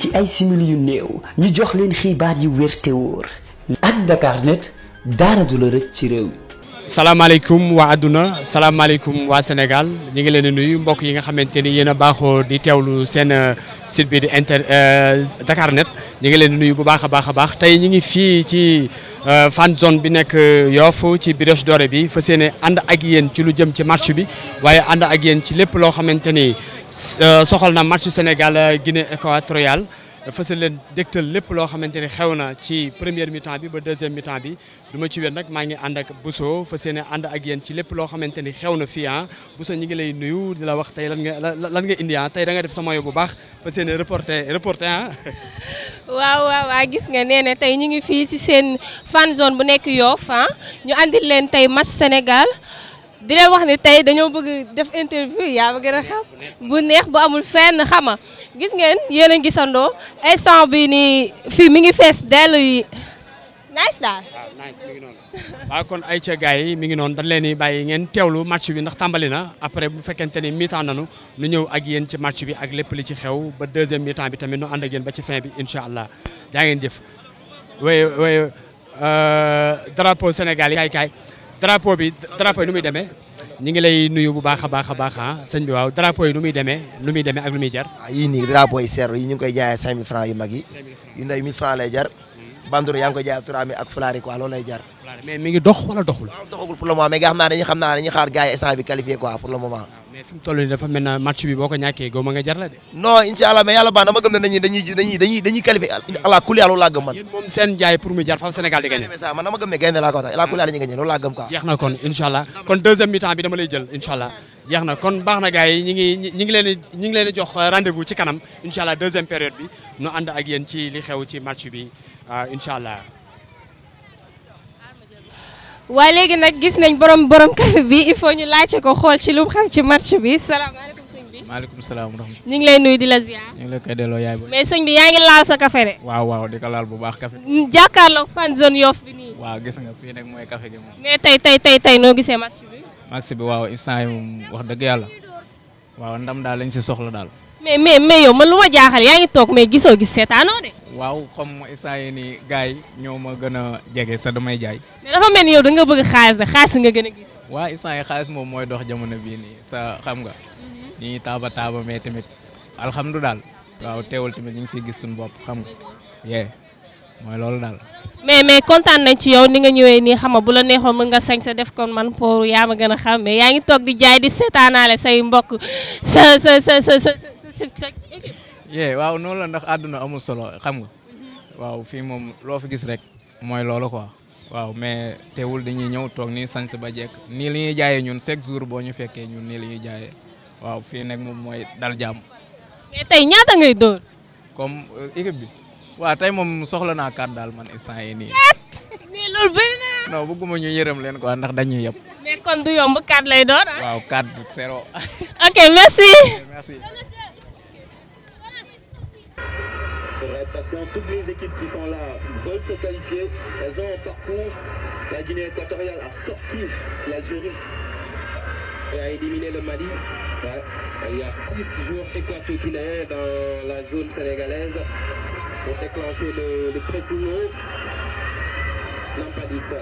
ci ay simili yu néew ñu jox leen xibaar yu wér te wóor ak Dakarnet daara du la rëcc ci réew mi. salaamaaleykum waa àdduna salaamaaleykum waa Sénégal ñu ngi leen nuyu mbokk yi nga xamante ni yéen a baaxoo di teewlu seen euh, site bi di inter euh, Dakarnet ñu ngi leen nuyu bu baax a baax a baax tey ñu ngi fii ci euh, fan zone bi nekk Yoff ci Brioche dore bi fa yéene ànd ak yéen ci lu jëm ci match bi waaye ànd ak yéen ci lépp loo xamante ni. Euh, soxal na match Sénégal euh, Guinée fa fësal leen dégtal lépp loo xamante ni xew na ci première mi bi ba deuxième mi bi du ma ci wér nag maa ngi ànd ak Bousso fas yéene ànd ak yéen ci lépp loo xamante ni xew na fii ah Bousso ñi ngi lay nuyu di la wax tey lan nga lan nga indi ah tey da nga def sama yo bu baax fas yéene reporté reporté ah. waaw waaw waaw gis nga nee ne tey ñu ngi fii ci seen fan zone bu nekk Yoff ah ñu andil leen tey match Sénégal. di leen wax ni tey dañoo bëgg def interview yaa ma gën a xam bu neex bu amul fenn xama gis ngeen yéen a gisandoo instant bi nii fii mi ngi fees dell yi nice daal ah, waaw kon ay ca gars yi mi ngi noonu dañ leen di bàyyi ngeen teewlu match bi ndax tàmbali na après bu fekkente ni mi nanu nu ñëw ak yéen ci match bi ak lépp li ci xew ba deuxième mi bi tamit nu ànd ak yéen ba ci fin bi incha allah jaa ngeen jëf way way euh, drapeau Sénégal yi kaay kaay drapeau bi drapeau yi muy demee ñu ngi lay nuyu bu baax a baax a baax ah, sëñ bi waaw drapeau yi nu muy demee nu muy demee ak lu muy jar. waaw ah, nii drapeau yi seer yi ñu ngi koy jaayee 5000 francs yu mag yi. yu ndaw 1000 francs lay jar. Hmm. bandoor yaa ngi koy jaayee 3000 ak fulaari quoi loolu lay jar. mais dox wala doxul. pour le moment mais nga xam naa dañuy xam naa dañuy xaar gars yi instant bi pour le moment. mais fi mu match bi boo ko ñàkkee jar la de. non incha allah mais yàlla baax dama gëm ne dañuy dañuy dañuy dañuy dañuy qualifié allah kulli laa gëm man. seen jaay pour mu jar faaw Sénégal di gagné. man dama gëm ne gaynde laa ko tax allah kulli yàlla ñu gagné laa gëm quoi. jeex kon incha kon deuxième mi bi dama lay jël incha allah kon baax na gars yi ñu ngi ci kanam incha allah période bi nu ànd ak ci li ci match bi ah, incha waaye léegi nag gis nañ borom borom café bi il faut ñu laajte ko xool ci lu xam ci match bi salaamaaleykum sëñ bi. maaleykum salaam rahmatulah. ñu ngi lay nuyu di la ziar. ñu ngi lay koy delloo yaay booy. bi yaa ngi laal sa café de. waaw waaw di laal bu baax café. Mm, jàkkaarloog fan zone Yoff bi nii. waaw gis nga fii nag mooy café gi moom. tey tey tey tey noo gisee match bi. match bi waaw instant yi wax dëgg yàlla waaw ndam daal lañ si soxla daal. mais mais mais yow man lu ma jaaxal yaa ngi toog mais gisoo gis seetaanoo de. waaw comme instant yii nii gars yi ñoo ma gën a jege sa damay jaay. mais dafa mel ni yow da nga bëgg xaalis de xaalis nga gën a gis. waa instant yii xaalis moom mooy dox jamono bii nii sa xam nga. ñii taaba taaba mais tamit alhamdulilah daal waaw teewul tamit ñu ngi siy gis suñu bopp xam nga loolu daal. mais mais kontaan nañ ci yow ni nga ñëwee nii xam nga bu la neexoon mën nga sañ sa def kon man pour yaa ma gën a xam mais yaa ngi toog di jaay di seetaanaale say mbokk sa sa sa sa sa sa yee waaw noonu la ndax àdduna amul solo xam nga waaw fii moom loo fi gis rek mooy loolu quoi waaw mais teewul dañuy ñëw toog nii sañse ba jekk nii li ñuy jaayee ñun chaque jour boo ñu fekkee ñun nii li ñuy jaayee waaw fii nag moom mooy dal jàmm. mais tey ñaata ngay dóor. comme euh, équipe bi waaw tey moom soxla naa carte daal man instant yii nii. mais loolu bëri na. non bëgguma ñu yërëm leen quoi ndax dañuy yëpp. mais kon qualification. Toutes les équipes qui sont là veulent se Elles ont parcours. La Guinée équatoriale a sorti l'Algérie et a éliminé le Mali. Il y a six jours équato-guinéens dans la zone sénégalaise pour déclencher le, le pressing haut. Lampadis.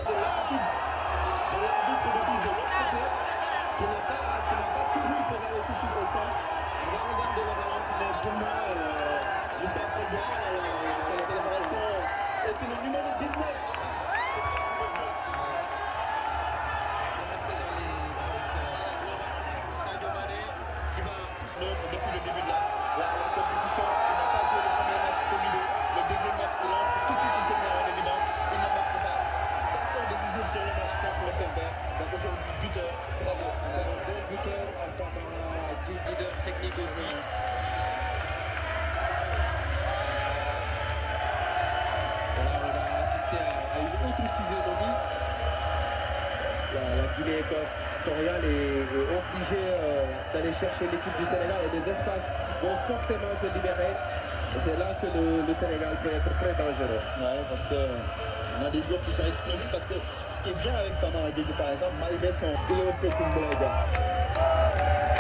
descend. Il est au PC Blaga.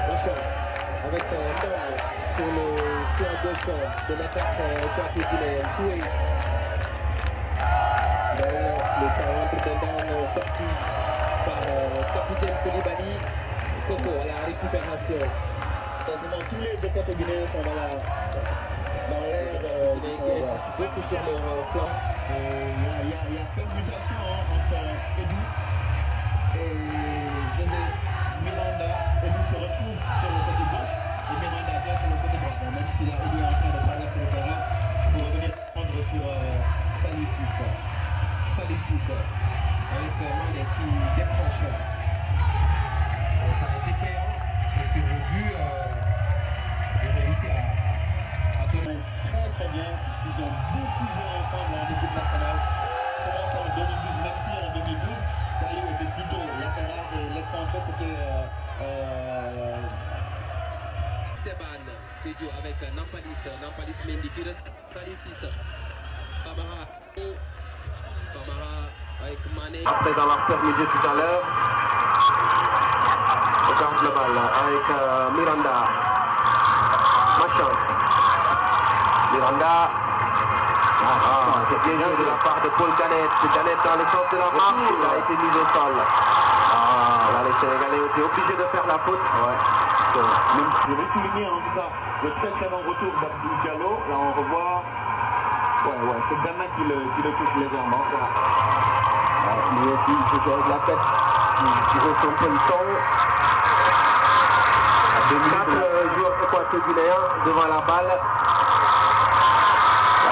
Bouchard avec un angle sur le plan gauche de l'attaque particulière. Souhait. Le centre d'un sorti par le capitaine Koulibaly. Coco à la récupération. Quasiment tous les équipes guinéens sont dans la. Dans l'air, ils insistent beaucoup sur leur flanc. Il y a, y a, y a peu de mutation entre Edu Euh, José Miranda et lui se retrouve sur le côté gauche et Miranda vient sur le côté droit. Donc même s'il est en train de traverser le terrain pour revenir prendre sur Salut 6. Salut 6 avec euh, Mane qui décroche. Ça a été payant parce que sur le but, il euh, réussit à, à tenir très très bien puisqu'ils ont beaucoup joué ensemble en équipe nationale. Commence en 2012, Maxime. c'était plutôt latéral et l'ex centré c'était. Euh, Esteban euh, Tedio avec Nampalis, Nampalis Mendy qui reste Saliou Cissé. Camara, Camara avec Mané. Après avoir perdu tout à l'heure, on garde le bal avec euh, Miranda. Machin. Miranda. C'est ah, ah. ah, bien joué de la part de Paul Canet. Canet dans les sortes de la marque, il a été mis au sol. Ah, là, les Sénégalais étaient obligés de faire la faute. Donc, même je vais en tout cas très très bon retour Bastou Diallo, là on revoit. Ouais, ouais, c'est Dana qui le, touche légèrement. Voilà. Ouais, lui aussi, il touche avec la tête. Il veut son peloton. 4 euh, joueurs équatoriens devant la balle.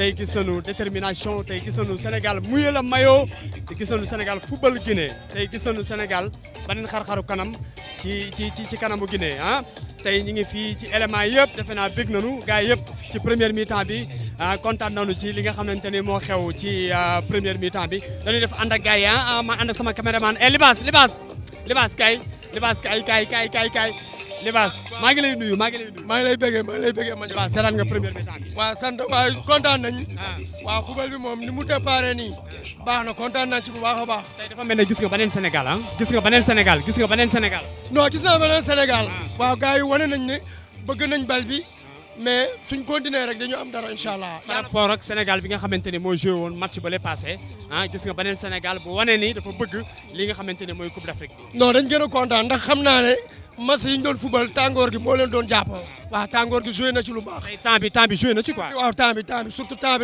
tey gis nañu détermination tey gis nañu Sénégal mouillé le maillot te gis nañu Sénégal football Guinée tey gis nañu Sénégal beneen xar-xaru kanam ci ci ci kanamu Guinée ah. tey ñu ngi fii ci élément yëpp defe naa bég nañu gars yëpp ci première mi-temps bi ah, kontaan nañu ci li nga xamante ni moo xew ci ah, première mi-temps bi dañuy def ànd ak gars ah, ma ànd sama caméraman eh Libaas Libaas Libaas kay Libaas kay kay kay kay Libaas maa ngi lay nuyu maa ngi lay nuyu. maa ngi lay bëggee maa ngi lay bëggee ma. Libaas seetaan nga première mi-temps. waaw sant waaye kontaan nañu. Ah. waaw football bi moom ni mu déparé nii. baax na kontaan nañu ci bu baax a baax. tey dafa mel ne gis nga beneen Sénégal ah. gis nga beneen Sénégal gis nga beneen Sénégal. non gis naa beneen Sénégal. Ah. waaw gars yi wane nañu ne bëgg nañ bal bi. mais suñ continuer rek dañu am dara incha allah. par rapport ak Sénégal bi nga xamante ne moo joué woon match ba lay passé ah gis nga beneen Sénégal bu wane ni dafa bëgg li nga xamante ne mooy Coupe d'Afrique bi. non dañ gën a kontaan ndax xam naa ne match yi ñu doon football gi moo doon jàpp waaw tàngoor gi joué na ci lu baax. tey temps bi temps bi joué na ci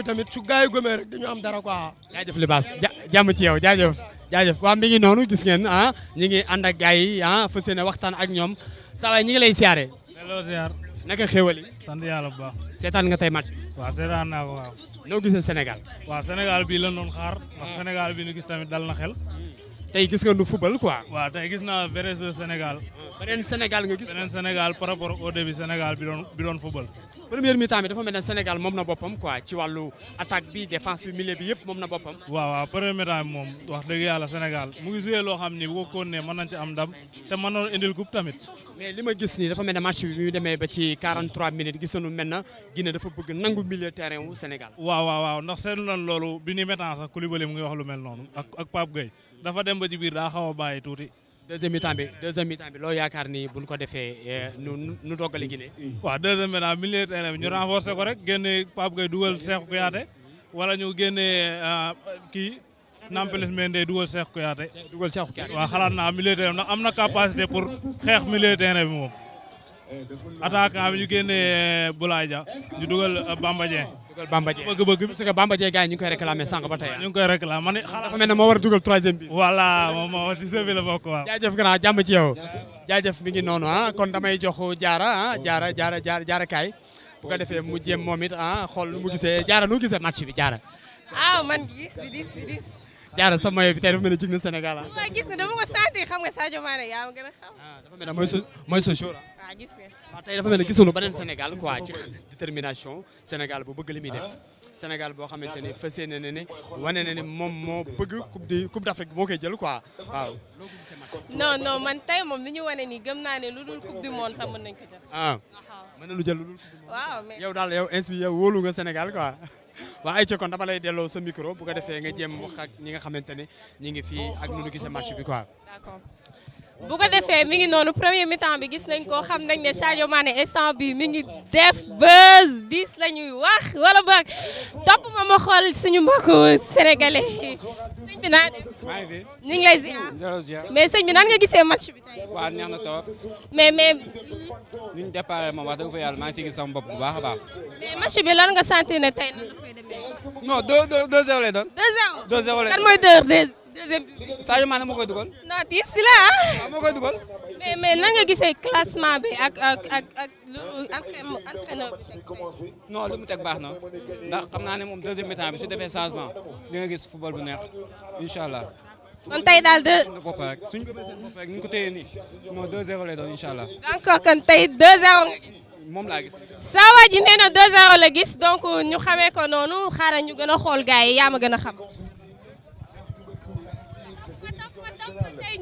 tamit su gars yi rek dañu am dara quoi. jaajëf Libaas ja jàmm ci yow jaajëf jaajëf waaw mi ngi noonu gis ngeen ah ñu ngi ànd ak gars yi ah fas yéene waxtaan ak ñoom saa waay ñu ngi lay siyaare. hello ziar. naka xéwali. sant yàlla seetaan nga tey match bi. waaw seetaan naa ko waaw. noo gisee Sénégal. waaw Sénégal bii lan doon xaar. ndax hmm. Sénégal bii ñu gis tamit dal na xel hmm. tey gis nga nu football quoi. waaw gis naa Vélez de Sénégal. beneen Sénégal nga gis. beneen Sénégal par rapport au début Sénégal bi doon bi doon football. première mi-temps bi dafa mel ne Sénégal moom na boppam quoi ci wàllu attaque bi défense bi milieu bi yëpp moom na boppam. waaw waaw première mi moom wax dëgg yàlla Sénégal mu ngi joué loo xam ni bu ko koonee mën nañ am dam te mën na indil coupe tamit. mais li ma gis nii dafa mel ne match bi bi demee ba ci 43 minutes gis nañu mel na Guinée dafa bëgg nangu milieu terrain wu Sénégal. waaw waaw waaw ndax seetlu nañ loolu bi wax lu mel noonu ak ak dafa dem ba ci biir daa xaw a bàyyi tuuti. deuxième mi-temps bi loo yaakaar ni buñ ko defee eh, nu nu doggale Guinée. waaw deuxième mi-temps milieu bi ñu renforcer ko rek génne Pape Gueye dugal Cheikhou Kouyaté wala ñu génne ah, kii Nampalys Mendy dugal Cheikhou Kouyaté. dugal Cheikhou Kouyaté waaw xalaat naa milieu terrain ndax am na capacité xeex milieu terrain moom. attaquant bi ñu génnee euh, Boulaye Dia ñu dugal euh, Bamba Dieng. dugal Bamba Dieng bëgg-bëgg bi parce que Bamba Dieng gars ñu ngi koy réclamé sànq ba tey ñu ngi koy réclamé man xanaa dafa mel ne moo war a dugal troisième bi. voilà moom moo ci sëbi la bokk waaw. jaajëf grand jàmm ci noonu ah kon damay jox jaara ah jaara jaara jaara jaara kaay bu ko defee mu jéem moom it ah xool nu mu gisee jaara nu mu gisee match bi jaara. ah man gis bi jaara sa maillot bi tey dafa mel ni jig na Sénégal ah. waaw gis nga dama ko sentir xam nga Sadio Mané yaa ma a xam. ah dafa mel ne mooy sa mooy sa ah. gis tey dafa mel ne gisuloo beneen Sénégal quoi ci détermination Sénégal bu bëgg li muy def. Ah. Sénégal boo xamante ne fas yéene ne ne wane na ne moom moo bëgg coupe de coupe d'Afrique moo koy jël quoi waaw. non non man tey moom li ñu wane ni gëm naa ne lu dul coupe du monde sax mën nañu ko jël. ah mën na lu jël lu dul. waaw mais yow daal yow inspiré yow wóolu nga Sénégal quoi. waaw ayca kon dama lay delloo sa micro bu ko defee nga jéem wax ak ñi nga xamante ne ñi ngi fii ak nu ñu gisee match bi quoi. d'accord. bu ko defee mi ngi noonu premier mi bi gis nañ ko xam nañ ne Sadio Mané instant bi mi ngi def buzz 10 lañuy wax wala boog topp ma ma xool suñu mbokku sénégalais yi sëñ bi naa def ñu ngi mais sëñ bi nan nga gisee match bi tey. mais mais. ni ñu déparé moom wax dëgg fa yàlla maa ngi si gis sama bopp bu baax a baax. mais match bi lan nga sentir ne tey nan la koy demee. non 2 2 2 0 deuxième bi Sadio Mané moo koy dugal. non tiis fi la lu mu teg baax na ndax xam naa ne moom deuxième mi-temps bi su gis football bu neex incha allah. kon tey daal de. suñ ko bësee bopp rek ni ñu ko téye nii moo laa gis. saa waa ji nee na 2-0 la gis donc ñu xamee ko noonu xaaral ñu gën a xool gars yi yaa ma gën a xam. tey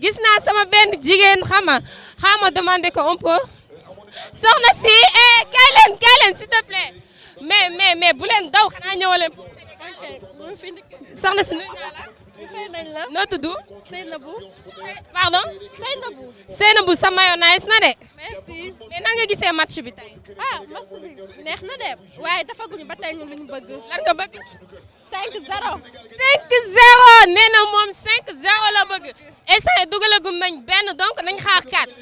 gis naa sama benn jigéen xama ma demandé ko un soxna si eh kaay leen kaay leen s'il te plaît mais mais mais bu leen daw xanaa ñëwaleen eh, soxna si nuyu naa la fay nañ la noo tudd. Seynabou. pardon. Seynabou. Seynabou sa mayonnaise na de. merci mais nan nga gisee match bi tey. Ah, neex na de waaye dafaguñu ba tey ñun lu ñu bëgg. lan nga bëgg. 5-0. 5-0 nee moom 5-0 la bëgg. essayé dugalagum nañ benn donc nañ xaar 4.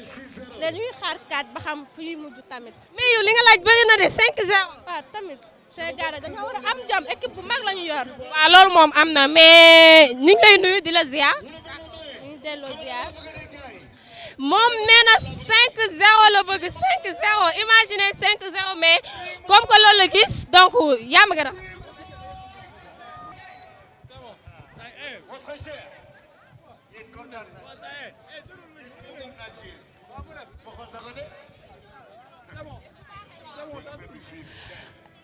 dañuy xaar 4 ba xam fu mujj tamit. mais yow li nga laaj bëri na de 5-0. Ah, tamit. Sénégal dañoo war a am jom équipe mag la ñu yor. waaw loolu moom am na mais ñu nuyu di la ziar. ñu delloo ziar. moom nee na 5-0 la bëgg 5-0 imaginez 5-0 mais comme que loolu la gis donc yaa ma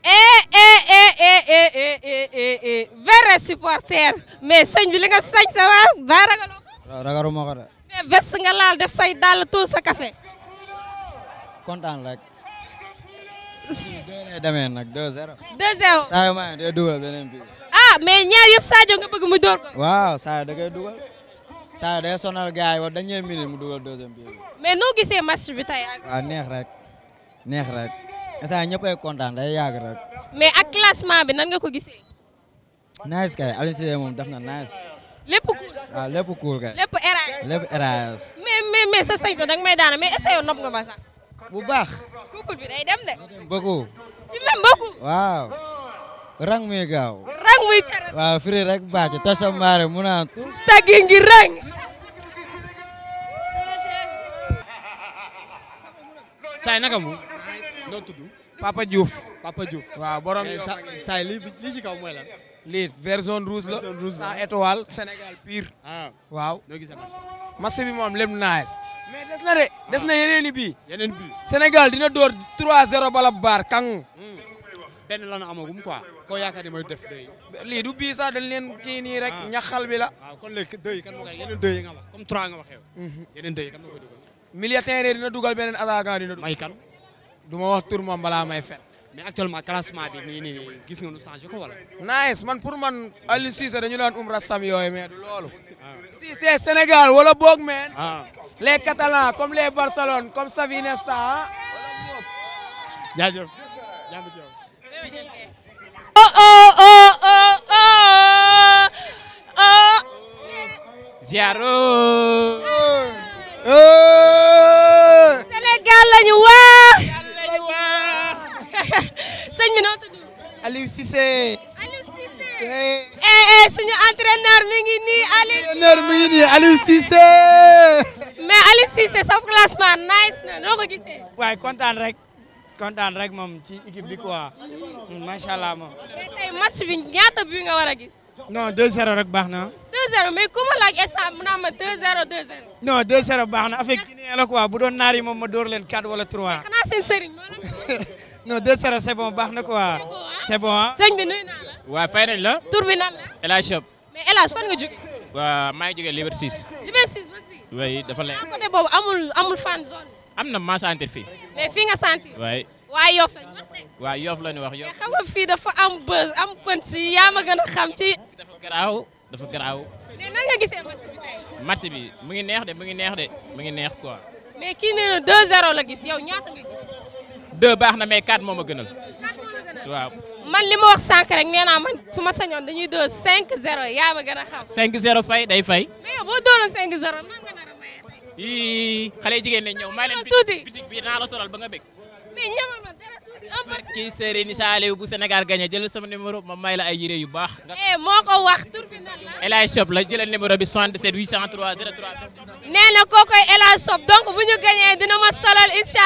eh eh eh eh eh eh eh, eh, eh, eh. vrai supporter mais sëñ bi li nga sañ sa waa daa ragaloo ko. ragaluma ko de. mais veste nga laal def say dàll tuur sa café. kontaan rek. demee nag 2-0. 2-0. saa yu ma day dugal beneen bi. ah mais ñaar yëpp Sadio nga bëgg mu door ko. waaw Sadio da koy dugal. Sadio day sonal gars yi wax dañuy minute mu dugal deuxième bi. mais noo gisee match bi tey ak. waaw neex rek neex rek. instant ñëpp ay kontaan day yàgg rek. mais ak classement bi nan nga ko gisee. nice kay Aliou Cissé moom def nice. lépp cool waaw lépp cool kay. lépp RAS lépp RAS. mais mais mais sa sañ danga nga ma bu baax. couple bi day dem de. beaucoup. waaw. rang muy gaaw. rang muy carat. waaw firi rek baax ci tasa mbaare mu naan. sagi ngi naka mu. noo tudd. Papa Diouf. Papa Diouf waaw borom yow. Eh, saa li li kaw mooy lan. lii vert zone rouge la. sans étoile Sénégal pire. Ah. waaw. match bi moom lépp naa mais des de na yeneen i bii. yeneen bii Sénégal dina door 3-0 bala baar kàng. Hmm. benn lan amagum quoi. koo yaakaar ni mooy def dëy. lii du bii sax dañ leen rek. Ah. ñaxal bi la. waaw ah, kon léegi dëy kan moo koy mhm. dina dugal beneen attaquant dina dugal. kan. du ma wax tur moom balaa may fen mais actuellement classement bi nii nii gis nga nu changé ko wala. nice man pour man Aliou Cissé dañu daan um rasam yooyu mais du loolu. si c'est Sénégal wala boog meen. Ah. les Catalans comme les Barcelone comme Xavi Iniesta ah. jaajëf. oh oh oh oh oh. Jaro. Sénégal lañu wa. Cissé. Aliou Cissé. Eh, eh suñu entraîneur mi ngi nii Aliou. entraîneur kontaan rek kontaan rek moom ci équipe bi quoi hmm, macha allah moom. mais tey match bi ñaata bi nga war a gis. non 2-0 rek baax na. 2-0 mais ku ma laaj naa ma 2-0 2-0. baax na affaire Guinée la bu doon naar yi moom ma door leen 4 wala 3. xanaa non deux sera c'est bon baax na quoi. c'est bon ah sëñ bi nuyu naa la. waaw fay nañ la. tur bi nan la. El fan nga jógee. waaw maa ngi jógee Liberté 6. Liberté 6 dafa lay. boobu amul amul zone. am na maa sentir fii. mais fii nga sentir. waay waay Yoff lañ wax de. waaw Yoff wax Yoff. mais xam nga fii am buzz am ci dafa garaaw dafa garaaw. bi mu ngi neex de mu ngi neex de mu ngi neex quoi. deux baax na mais quatre moom a gënal waaw. man li ma wax sànq rek nee naa man su ma sañoon dañuy dóor 5-0 yaa ma gën a xam. fay day fay. mais yow boo dooroon 5-0 nan nga nar a maye tey. yii jigéen ñi ñëw. maa leen bitik bitik bi naa la solal ba nga bëgg. mais ñamal ma dara tuuti un peu. kii Serigne Saliou bu Sénégal ma la ay yére yu baax. eh moo ko wax tur bi nan la. El Hadj Shop la jëlal numéro bi 77 803 03. nee na kookoy El Hadj Shop donc bu ñu gagné dina ma solal incha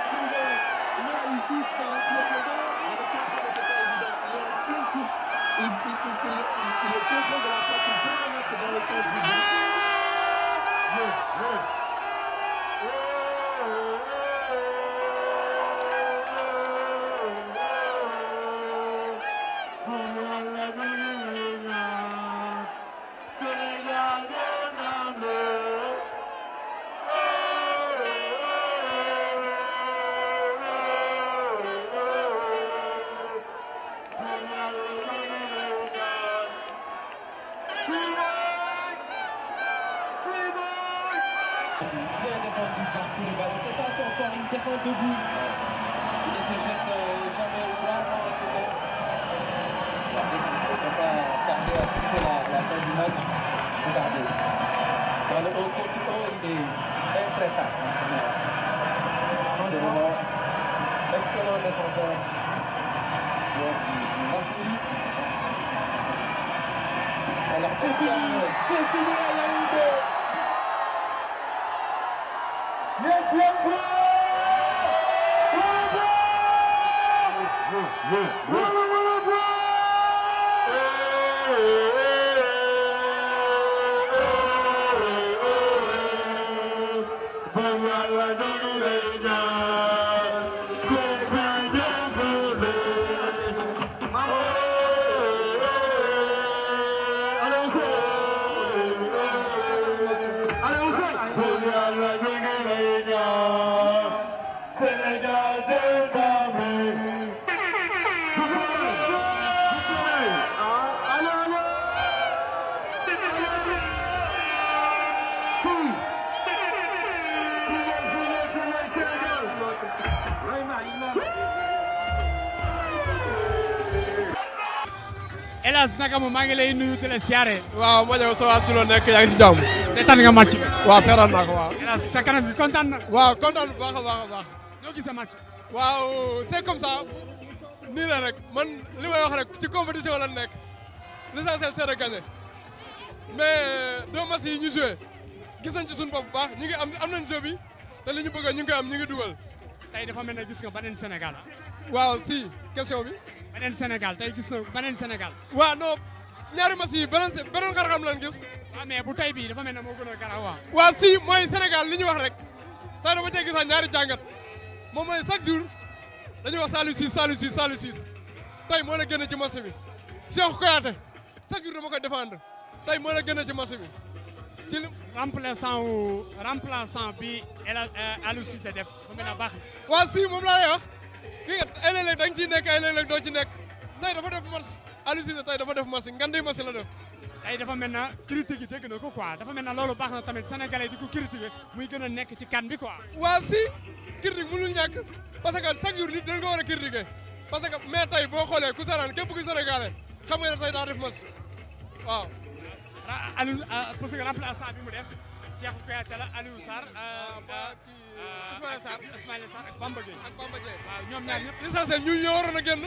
Nakamu maa ngi lay nuyu di la siyaare. waaw ma ñëw sama su la nekk yaa ngi si jàmm. seetaan nga match bi. waaw seetaan naa ko waaw. sa kanam bi kontaan na. waaw kontaan bu baax a baax a ñoo gis sa match. waaw c'est comme ça. rek man li may wax rek ci compétition la nekk. l'essentiel c'est de gagner. mais deux matchs yi ñu joué. gis nañ ci suñu bopp bu baax ñu ngi am am nañ jeu bi te li ñu ñu ngi koy am ñu ngi dugal. tey dafa mel ne gis waaw si question bi. beneen Sénégal tey gis na beneen Sénégal. waaw non ñaari match yi beneen beneen gis. waaw mais bu tey bii dafa mel ne moo gën a garaaw waaw. waaw si mooy Sénégal li ñu wax rek tey dafa cee gisaa ñaari jàngat moom mooy chaque jour dañuy wax Saliou Ciss Saliou Ciss Saliou tey moo la gën a ci match bi Cheikh Kouyaté chaque jour dama koy défendre tey moo la gën ci match bi. ci remplaçant wu remplaçant bi El euh, Aliou Cissé def fu mu ne baax. waaw si moom laa lay ki nga ay léeg-léeg da nga ciy nekk ay léeg-léeg doo ci nekk tey dafa def match Aliou Cissé tey dafa def match ngandi match la def tey dafa mel na yi dégg na ko dafa mel loolu baax na tamit sénégalais di ko critiqué muy gën a nekk ci kan bi quoi waaw si critique mënul ñàkk parce que chaque jour nit dañ ko war a critiqué parce que mais tey boo xoolee ku saraan képp ku sénégalais xam nga waaw Aliou euh, parce que bi mu def Cheikh Kouyaté la Ismaïla Sarr Ismaïla Sarr ak Bamba Gueye ak Bamba Gueye waaw ñoom ñaar ñëpp l'essentiel ñu ñoo a génn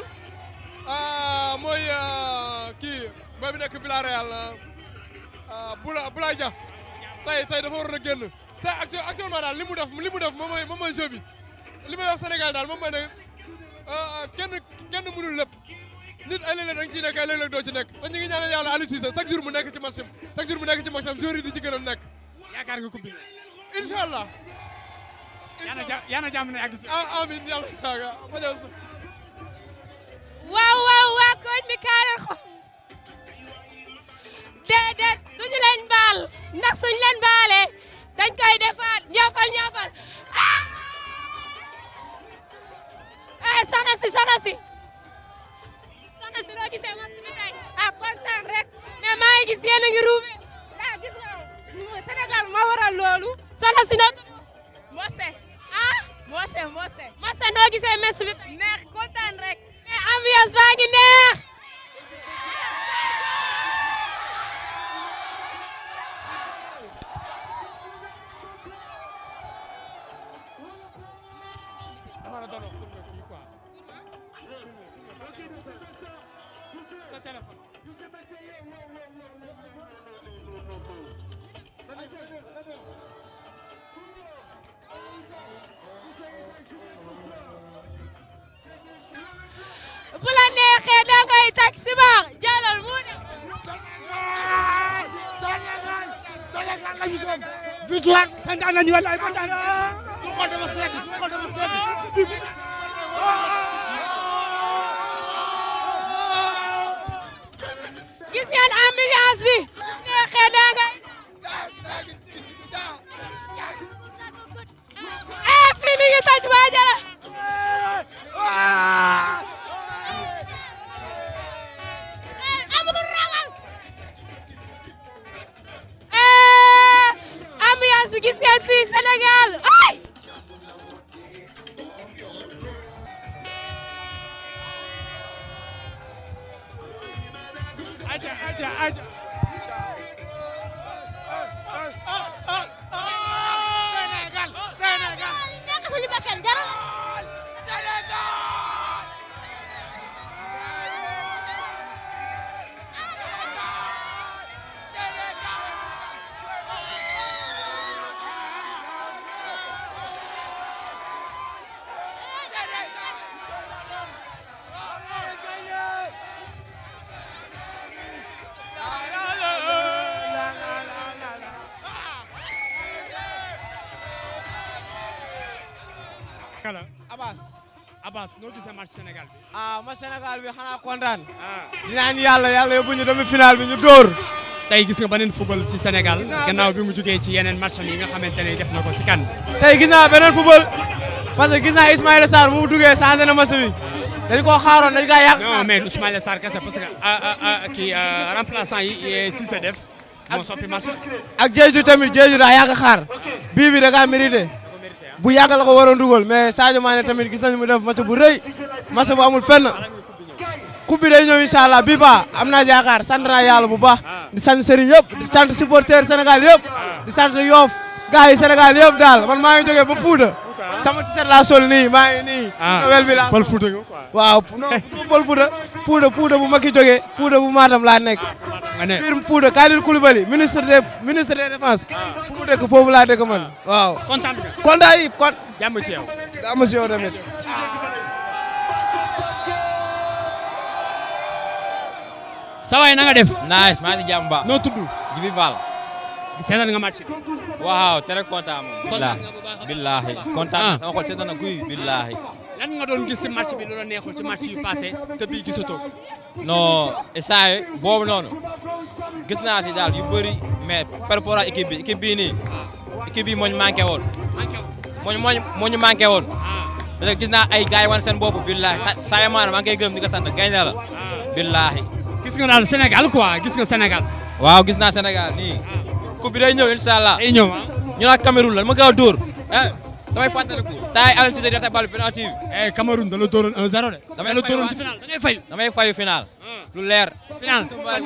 ah, mooy ah, kii booy bi nekk Villarreal ah, Boula Boulaye Dia tey tey dafa waroon a génn te action actuellement daal li mu def li mu def moom mooy moom mooy jeu li may wax Sénégal daal moom mooy ne kenn kenn mënul lépp nit ay léeg-léeg da nga nekk ay léeg-léeg doo ci nekk te ñu ngi ñaanal yàlla Aliou Cissé mu nekk ci match am chaque mu nekk ci match am jour yi di ci a nekk yaakaar yàlla jàmm ah, waa koñ bi kaay leen xool déedéet baal ndax suñu dañ koy defaat ñaafal ñaafal ah eh, soxna si soxna si soxna si loo gisee marché ah, rek mais maa ngi ngi ruube ah, ndax ma waral loolu soxna si Mbose Mbose. Mbose noo gisee mes bi. neex kontaan rek. mais ambiance baa ngi neex. Emmanuel Aïbadara Abbas Abbas noo gisee match Sénégal bi. ah match Sénégal bi xanaa kontaan. Ah. dinaan yàlla yàlla yóbbu ñu demi final bi ñu dóor. tey gis nga beneen football ci Sénégal gannaaw bi mu jógee ci yeneen match yi nga xamante ne def na ko ci kan. tey gis naa beneen football parce que gis naa Ismaïla Sarr bu mu duggee changé na match bi dañ koo xaaroon dañ kaa yàq. non mais Ismaïla kese parce que ah, ah, kii remplaçant yi Cissé eh, def. ak Diédhiou tamit Diédhiou daa yàgg xaar bu yàgg ko ko waroon dugal mais Sadio Mané tamit gis nañ mu def match bu rëy match bu amul fenn coupe bi day ñëw incha am naa yaakaar sant naa yàlla bu baax di sant sëriñ yëpp di sant supporteur Sénégal yëpp di sant Yoff gars yi Sénégal yëpp daal man maa ngi jógee ba puuda sama tisat laa sol nii maa ngi nii. Noël bi laa sol Fuuta nga quoi. waaw non Pël Fuuta Fuuta Fuuta bu Macky jógee Fuuta bu Matam laa nekk. Ah, nga ne biir Fuuta Kalidou Koulibaly ministre des ministre des ah. mu dëkk foofu laa dëkk man ah. waaw. kontaan nga kon. jàmm ci yow. na nga def. maa ngi si jàmm seetaan nga match bi. waaw tere kontaan moom. kontaan nga bu baax billaahi kontaan ah. sama na guy billaahi. lan nga doon gis si match bi loola neexul ci match yu passé te bii gisatoo ko. non essai boobu noonu naa si daal yu bëri mais par rapport ak équipe bi équipe bii nii. équipe bii moo ñu manqué woon. manqué woon moo ñu manqué woon. Ah. parce naa ay gars yi wan seen bopp saa yu maa ngi koy gërëm di ko sant gañ la. Ah. nga daal Sénégal quoi gis nga Sénégal. waaw gis naa Sénégal nii. coupe bi day ñëw incha allah day ñëw ñu la dama gaaw a dóor ah damay fàttaliku taay Aliou Cissé di rafet bal bi penalty bi. Eh, da la dóoroon 1 final da leer. final kon moom ah.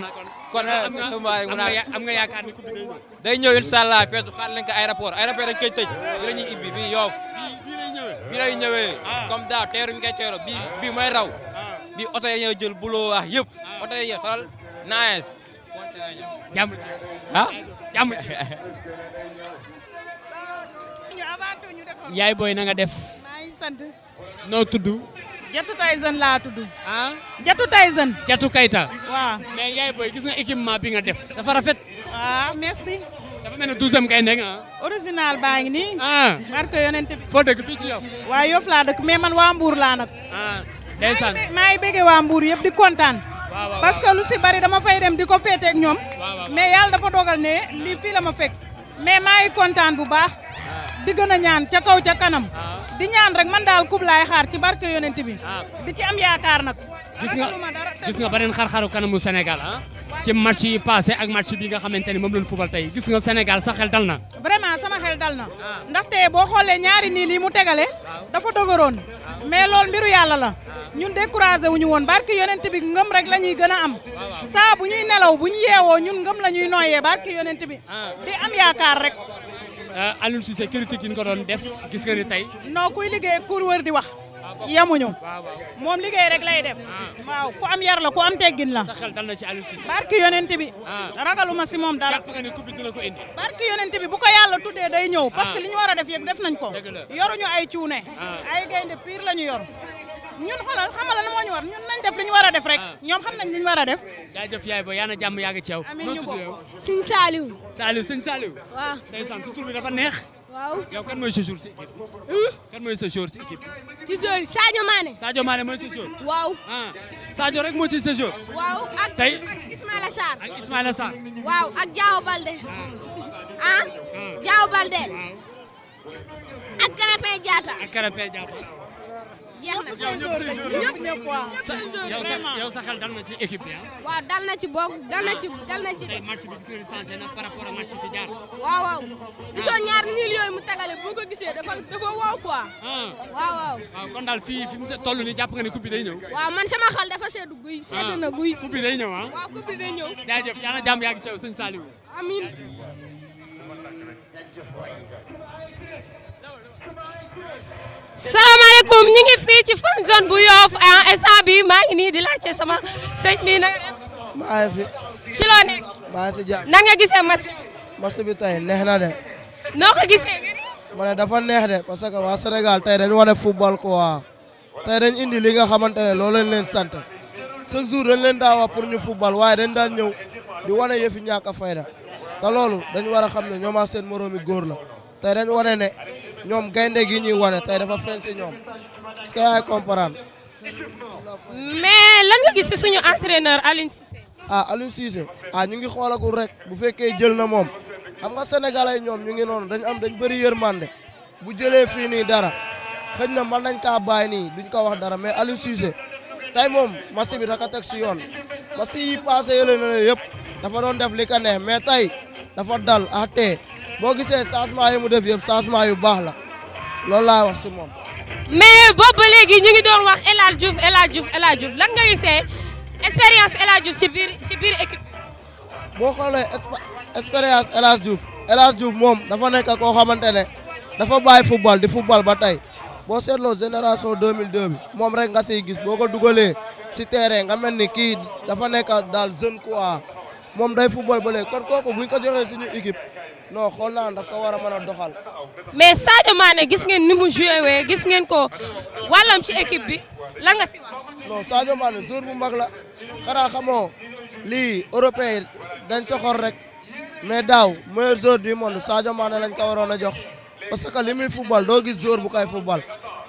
na kon. kon sama eh, nga am ni coupe bi day ñëw incha allah feetu xaar leen ko aéroport aéroport dañ koy tëj bi la bi yoof bi lay ñëwee ah. comme daaw teeruñ koy teero bi bi mooy raw li oto yi ñoo jël buloo wax yëpp oto yi ñoo faral naaj. jàmm ah jàmm. yaay booy na def. ngi sant. noo tudd. Jatu Tyson laa tudd. ah Jatu Tyson. Jatu Kayta. waaw mais yaay booy gis nga équipement bi nga def. dafa rafet. waaw ah, merci. dafa mel ne douzième kay nekk ah. original baa ngi nii. ah barke yonent bi. foo dëkk fii ci yow. waaw Yoff laa dëkk mais waa Mbour laa nag. Ah. ndeysaan maa ngi bëggee waa Mbour yëpp di kontaan. parce que lu si bari dama fay dem di ko féeteeg ñoom. mais yàlla dafa dogal ne lii fii la ma fekk. mais maa ngi kontaan bu baax. Ah. di gën a ñaan ca kaw ca kanam. Ah. di ñaan rek man daal kub laay xaar ci barke yonent bi. Ah. di ci am yaakaar nag. gis nga gis nga beneen xar-xaru kanamu Sénégal ah ci match yi passé ak match bii nga xamante ni moom lañu fubal tey gis nga Sénégal sa xel dal na vraiment sama xel dal na ndaxte boo xoolee ñaari nii lii mu tegale dafa dëgëroon mais loolu mbiru yàlla la ñun découragé wuñu woon barki yonent bi ngëm rek la ñuy gën a am saa bu ñuy nelaw bu ñu yeewoo ñun ngëm la ñuy nooyee barki yonent bi di am yaakaar rek euh, Aliou Cissé critique yi ñu ko doon def gis nga ni tey non kuy di wax yemuñu moom liggéey rek lay def waaw ku am yar la ku am teggin la barki yonent bi ah. ragaluma si moom dara barki yonent bi bu ko yàlla tuddee day ñëw ah. parce que li ñu war a def yëg def nañ ko yoruñu ay cuune ah. ay gaynde piir la ñu yor ñun xoolal xamala na moo war ñun nañ def li ñu war a def rek ñoom xam nañ li ñu war a def jaajëf yaay booy yàlla na jàmm yàgg ci yow amiin ñu bokk sëñ Saliou Saliou sëñ Saliou sa tur bi neex waaw yow kan mooy sa jour si équipe kan mooy ah. rek moo ci sa jour waaw ak tey Ismaïla Sarr ak Ismaïla Sarr waaw ak Diao Baldé ah. Ah, ak Krépin Diatta jeex na ñëpp ñëpp waaw. yow sa xel dal na ci équipe bi ah. waaw na ci boog dal na ci ah. dal na ci. ko ah. daal fii fi mu toll jàpp nga ne coupe bi day ñëw. na guy coupe bi day ñëw ah. waaw coupe bi day ñëw. jaajëf yal na jàmm yaa ngi sew sëñ Saliou. salaamaaleykum ñu ngi fii ci fan zone bu Yoff ah instant bii maa ngi nii di laajte sama sëñ bi na nga def. maa ngi fi. ci loo maa ngi si jàmm. nan nga gisee match. match neex na de. noo ko gisee. ma ne dafa neex de parce que waa senegal tey dañu wane football quoi tey dañ indi li nga xamante ne loolu lañ leen sant chaque jour dañ leen daa wax pour ñu football waaye dañ daan ñëw di wane yëfi ñàkk a fayda te loolu dañu war a xam ne ñoom ak seen moroomi góor la tey dañ wane ne. ñoom gaynde gi ñuy wane tey dafa feeñ si ñoom est-ce que yaay comprendre. mais lan nga gis si suñu entraîneur Aliou Cissé. ah Aliou Cissé ah ñu ngi xoolagul rek bu fekkee jël na moom xam nga sénégalais ñoom ñu ngi noonu dañ am dañ bëri yërmande bu jëlee fii nii dara xëy na mën nañ kaa bàyyi ni duñ ko wax dara mais Aliou Cissé tey moom match bi daka teg si yoon match yi passé yële na yëpp dafa doon def li ka neex mais tey dafa dal ah tee boo gisee changement yi mu def yëpp changement yu baax la lool laa wax si moom. mais boobu ba léegi ñu ngi doon wax El Hadj Diouf El Hadj Diouf lan nga gisee expérience El Hadj Diouf si biir si boo xoolee expérience El Hadj moom dafa nekk koo xamante ne dafa bàyyi football di football ba tey boo seetloo génération 2002 bi moom rek nga siy gis boo ko dugalee si terrain ga mel ni kii dafa nekk daal jeune quoi moom day football ba léegi kon kooku buñ ko joxee suñu équipe. non xool naa daf ko war a mën a doxal. mais Sadio Mané gis ngeen ni mu joué gis ngeen ko wàllam ci équipe bi la nga si wax. non bu mag la xanaa xamoo lii européen dañ soxor rek mais daaw meilleur joueur du monde Sadio maane lañ ko waroon a jox parce que li muy football doo gis joueur bu koy football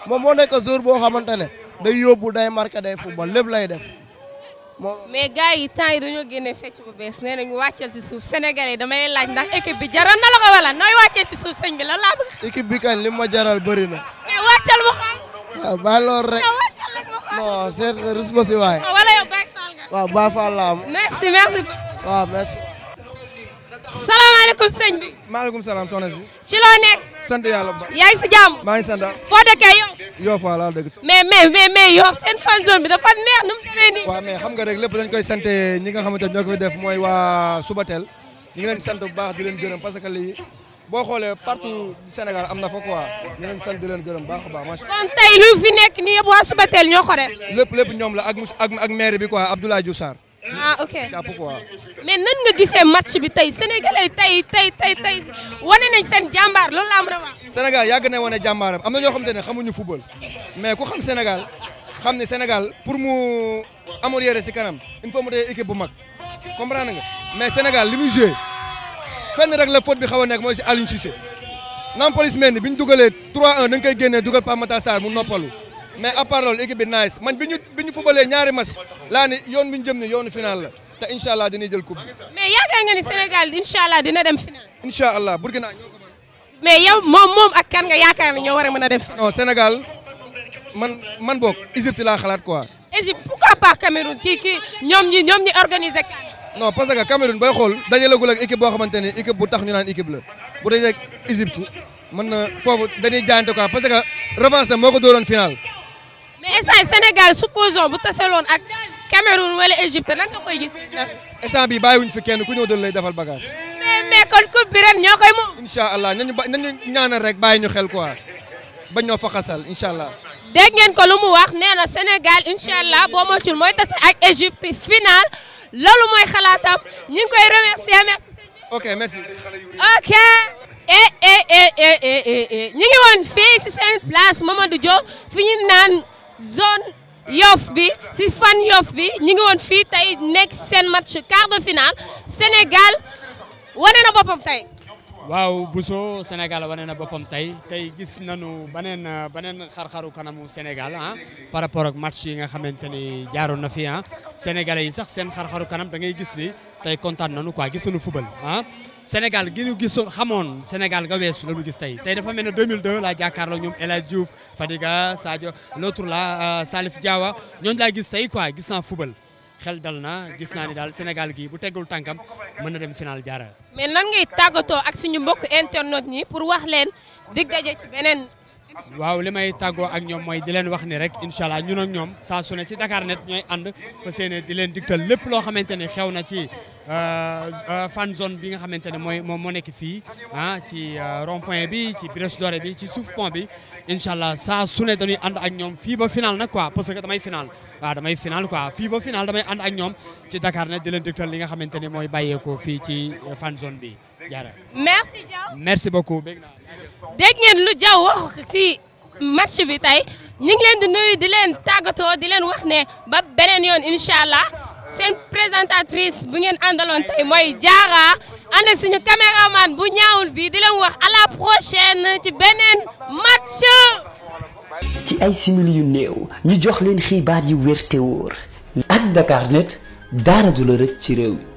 moom moo nekk joueur boo xamante ne day yóbbu day marqué day football lépp lay def. mais gars yi temps yi dañoo génne fecc bu bees nee nañu si ci senegal sénégalais damay laaj ndax équipe bi jaral na la ko wala nooy wàcceel ci suuf bi lan équipe bi kan li ma jaral bëri na. mais wàcceel ah, rek. non seet rus ma si waay. wala merci merci. waaw salaamaaleykum sëñ bi. maaleykum salaam soxna si. ci loo nekk. sant yàlla bu baax. yaa si jàmm. maa ngi sant. foo dëkkee yow. yoo fa laa dëgg. mais mais mais mais yow seen fan zone bi dafa neex nu mu demee xam nga rek lépp dañ koy sant ñi nga xamante ne ñoo ko fi def mooy waa Subatel. ñu ngi leen sant bu baax di leen gërëm parce que lii boo xoolee partout Sénégal am na fa quoi ñu leen sant di leen gërëm baax a baax macha allah. kon tey fi nekk nii yëpp waa Subatel ñoo ko def. lépp lépp ñoom la ak ak ak maire bi quoi Abdoulaye Diouf ah ok jàpp quoi. mais nan nga gisee match bi tey sénégalais tey tey tey wane nañ seen jàmbaar loolu laa mën a Sénégal yàgg na wane jàmbaaram am na ñoo xamante ne xamuñu football mais ku xam Sénégal xam ne Sénégal pour mu amoon yére si kanam il faut mu dee équipe bu mag comprendre nga mais Sénégal li muy joué fenn la faute bi xaw a nekk mooy si Aliou Cissé Nampalys Mendy bi ñu dugalee 3-1 da nga koy génnee dugal Pape Matar Sarr mu noppalu. mais à part loolu équipe bi nice man bi ñu bi ñu fubalee ñaari match laa yoon bi ñu jëm ni yoonu final la te incha allah dinañ jël coupe mais yaakaar nga ni Sénégal incha allah dina dem final. incha allah Burkina naa ko moom moom ak kan nga yaakaar ne ñoo war a mën a dem. non Sénégal man man boog Égypte laa xalaat quoi. Égypte pourquoi pas Cameroun kii kii ñoom ñi ñoom ñi organiser. non parce que Cameroun bay xool dajalagul ak équipe boo xamante ni équipe bu tax ñu naan équipe la bu dajee ak Égypte na foofu dañuy jaayante quoi parce que revanche moo ko dooroon final. mais instant Sénégal supposons bu taseloon ak Cameroun wala Égypte na nga koy gis. instant bi bàyyiwuñ fi kenn ku ñëw doon lay defal bagage. mais mais kon coupe bi ren ñoo koy moom. incha allah nañu ba nañu ñaanal rek xel quoi ba ñoo fa xasal incha allah. dégg ngeen ko lu na Sénégal incha allah boo moytuwul mooy tase ak Égypte final loolu mooy xalaatam ñu ngi koy remercier merci. ok merci. ok. Eh, eh, eh, ñu ngi woon fii si seen place Mamadou Diop fi ñu naan. zone Yoff bi si fan Yoff bi ñi ngi fii tey nekk seen match quart de finale Sénégal wane na boppam tey. waaw Bousso Sénégal wane na boppam tey tey gis nañu beneen beneen xar-xaru kanamu Sénégal ah par rapport ak match yi nga xamante ni jaaroon na fi ah sénégalais yi sax seen xar kanam da ngay gis ni tey kontaan nañu quoi gis nañu fubal Sénégal gi ñu gisoon xamoon Sénégal ga weesu la ñu gis tey tey dafa mel ne 2002 laa jàkkaarloo ñoom El a Diouf Fadiga Sadio l'autre là euh, Salif Diawa ñooñu laa gis tey quoi gis naa football xel dal na gis naa ni daal Sénégal gi bu teggul tànkam mën na dem final jaara mais nan ngay tàggatoo ak suñu mbokk internet ñi pour wax leen dig daje beneen. waaw li may tàggoo ak ñoom mooy di wax ni rek incha allah ñun ñoom saa su ne ci Dakar net ñooy ànd fa seene di leen digtal lépp loo xamante ne xew na ci euh, euh, fan zone bi nga xamante ne mooy moom moo nekk fii ah ci euh, rond point bi ci Brioche Dorée bi ci suuf pont bi incha allah saa su ne ànd ak ñoom fii ba final nag quoi parce que damay final waaw damay final quoi fii ba final damay ànd ak ñoom ci dakaar net di leen digtal li nga xamante ne mooy bàyyeekoo fii ci fan zone bi merci Diaw beaucoup. dégg ngeen lu Diaw wax ci match bi tey ñu di nuyu di leen tàggatoo di leen wax ne ba beneen yoon incha allah seen présentatrice bu ngeen àndaloon tey mooy Diarra ànd suñu caméraman bu ñaawul bi di leen wax à la prochaine ci beneen match. ci ay simili yu néew ñu jox leen xibaar yu wér te wóor. ak Dakarnet daara du la rëcc ci réew mi.